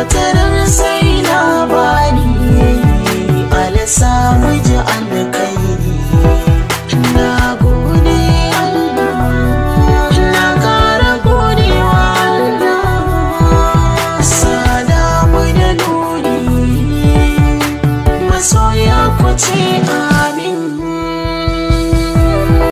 wataran sai labari alisa miji alkairi na gode Allah na kara godewa Allah sada mu da nuni masoya ku a